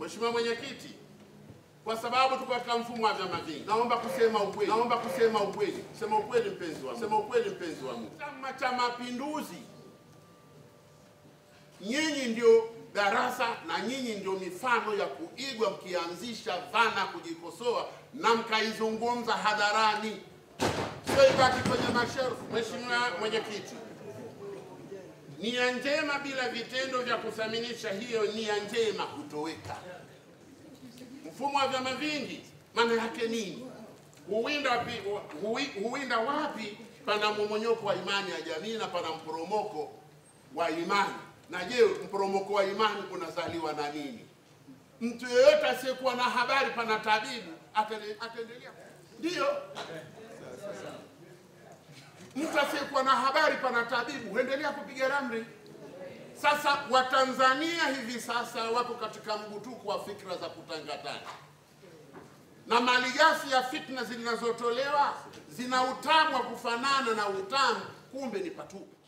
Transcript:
Mheshimiwa Mwenyekiti, kwa sababu tuko katika mfumo wa vyama vingi, naomba kusema ukweli, naomba kusema ukweli, sema ukweli mpenzi wangu, sema ukweli mpenzi wangu. Chama cha Mapinduzi, nyinyi ndio darasa na nyinyi ndio mifano ya kuigwa, mkianzisha dhana kujikosoa na mkaizungumza hadharani, sio ibaki kwenye mashelfu. Mheshimiwa Mwenyekiti, Nia njema bila vitendo vya kuthaminisha hiyo nia njema hutoweka. Mfumo wa vyama vingi maana yake nini? Huwinda, huwinda wapi pana momonyoko wa imani ya jamii na pana mporomoko wa imani. Na je, mporomoko wa imani unazaliwa na nini? Mtu yeyote asiyekuwa na habari pana tabibu ataendelea, ndiyo mtu asiyekuwa na habari pana tabibu, huendelea kupiga ramli. Sasa Watanzania hivi sasa wako katika mgutuko wa fikra za kutangatanga na malighafi ya fitna zinazotolewa zina utamu wa kufanana na utamu, kumbe ni patupu.